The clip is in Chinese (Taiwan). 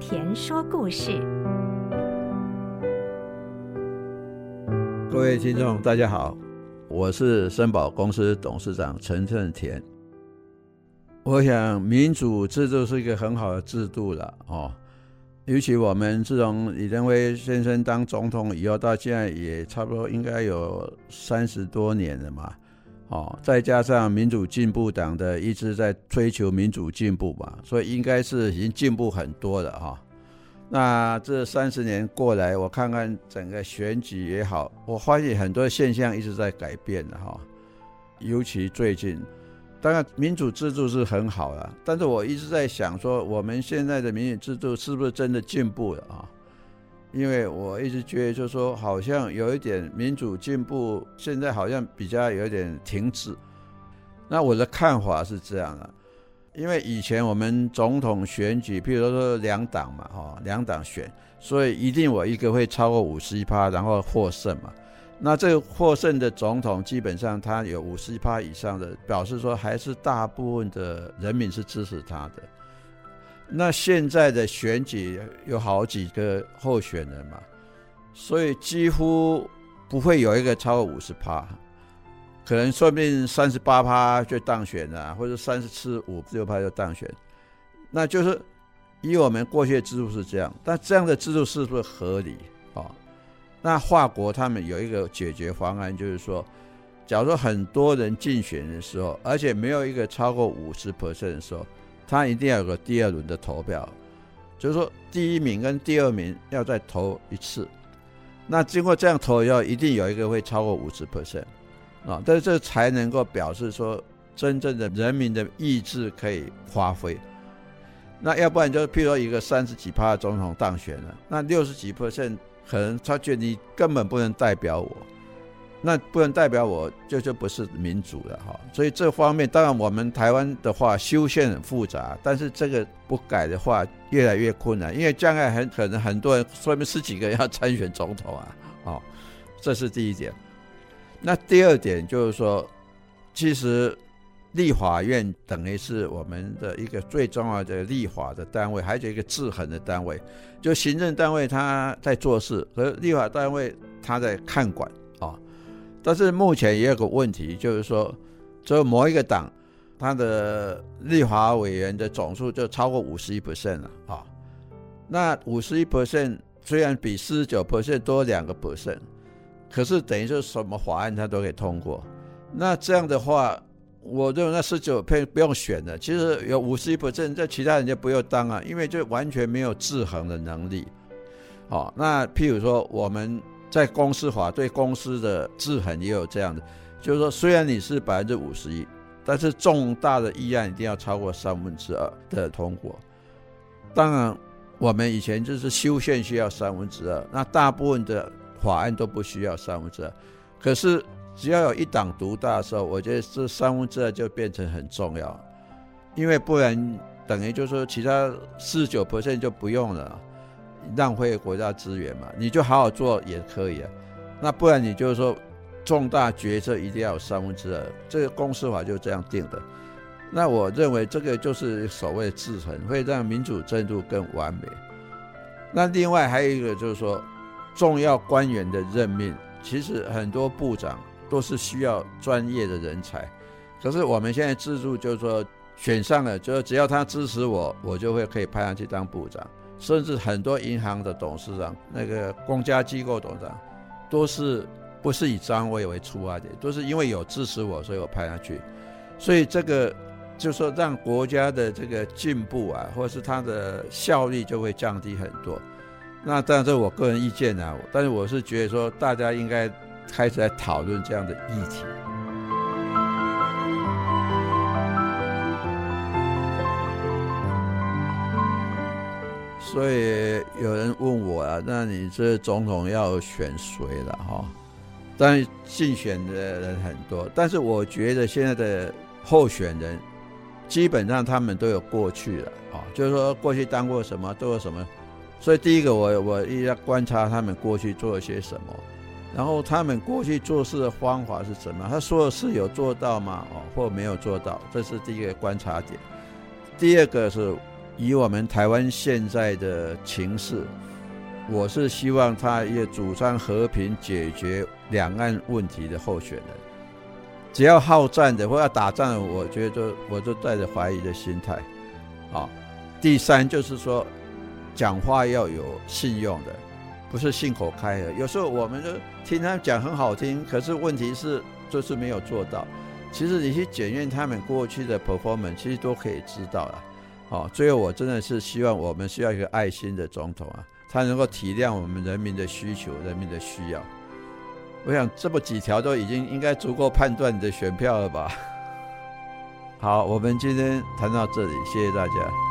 田說故事，各位聽眾，大家好，我是森寶公司董事長陳振田。我想民主制度是一個很好的制度了哦，尤其我們自從李登輝先生當總統以後，到現在也差不多應該有三十多年了嘛。哦，再加上民主進步黨的一直在追求民主進步吧，所以應該是已經進步很多了哈。那這三十年過來，我看看整個選舉也好，我發現很多現象一直在改變的哈。尤其最近，當然民主制度是很好了，但是我一直在想說，我們現在的民主制度是不是真的進步了啊？因為我一直覺得，就說好像有一點民主進步，現在好像比較有一點停滯。那我的看法是這樣的、啊：因為以前我們總統選舉，譬如說，說兩黨嘛，哈、哦，兩黨選，所以一定我一個會超過五十一趴，然後獲勝嘛。那這個獲勝的總統，基本上他有五十一趴以上的，表示說還是大部分的人民是支持他的。那現在的選舉有好幾個候選人嘛，所以幾乎不會有一個超過五十趴，可能說不定三十八趴就當選了，或者三十四五六趴就當選，那就是以我們過去的制度是這樣，但這樣的制度是不是合理啊、哦？那法國他們有一個解決方案，就是說，假如說很多人競選的時候，而且沒有一個超過五十 percent 的時候。他一定要有個第二輪的投票，就是說第一名跟第二名要再投一次。那經過這樣投以後，一定有一個會超過五十 percent 啊，但是這才能夠表示說真正的人民的意志可以發揮。那要不然就譬如說一個三十幾趴的總統當選了，那六十幾 percent 可能他覺得你根本不能代表我。那不能代表我就就不是民主了哈、哦，所以這方面當然我們台灣的話修憲很複雜，但是這個不改的話越來越困難，因為將來很可能很多人說不定十幾個要參選總統啊，哦，這是第一點。那第二點就是說，其實立法院等於是我們的一個最重要的立法的單位，還有一個制衡的單位。就行政單位他在做事，和立法單位他在看管。但是目前也有個問題，就是說，只有某一個黨，他的立法委員的總數就超過五十一 percent 了啊、哦。那五十一 percent 雖然比四十九 percent 多兩個 percent，可是等於說什麼法案他都可以通過。那這樣的話，我認為那四十九配不用選了。其實有五十一 percent，這其他人家不用當啊，因為就完全沒有制衡的能力。好、哦，那譬如說我們。在公司法對公司的制衡也有這樣的，就是說，雖然你是百分之五十一，但是重大的議案一定要超過三分之二的通過。當然，我們以前就是修憲需要三分之二，那大部分的法案都不需要三分之二。可是，只要有一黨獨大的時候，我覺得這三分之二就變成很重要，因為不然等於就是說其他四九 percent 就不用了。浪費國家資源嘛，你就好好做也可以啊。那不然你就是說，重大決策一定要有三分之二，這個公司法就這樣定的。那我認為這個就是所謂制衡，會讓民主制度更完美。那另外還有一個就是說，重要官員的任命，其實很多部長都是需要專業的人才。可是我們現在制度就是說，選上了就是只要他支持我，我就會可以派他去當部長。甚至很多銀行的董事長，那個公家機構董事長，都是不是以張偉為出發點，都是因為有支持我，所以我派他去，所以這個就是說讓國家的這個進步啊，或者是它的效率就會降低很多。那當然這是我個人意見呢，啊，但是我是覺得說，大家應該開始來討論這樣的議題。所以有人問我啊，那你這總統要選誰了哈？但競選的人很多，但是我覺得現在的候選人基本上他們都有過去了。啊，就是說過去當過什麼，做過什麼。所以第一個我，我我一定要觀察他們過去做了些什麼，然後他們過去做事的方法是什麼？他說的事有做到嗎？哦，或沒有做到，這是第一個觀察點。第二個是。以我們台灣現在的情勢，我是希望他也主張和平解決兩岸問題的候選人。只要好戰的或要打仗的，我覺得我都帶着懷疑的心態。啊、哦，第三就是說，講話要有信用的，不是信口開河。有時候我們就聽他們講很好聽，可是問題是就是沒有做到。其實你去檢驗他們過去的 performance，其實都可以知道了。好，最後我真的是希望我們需要一個愛心的總統啊，他能夠體諒我們人民的需求、人民的需要。我想這麼幾條都已經應該足夠判斷你的選票了吧？好，我們今天談到這裡，謝謝大家。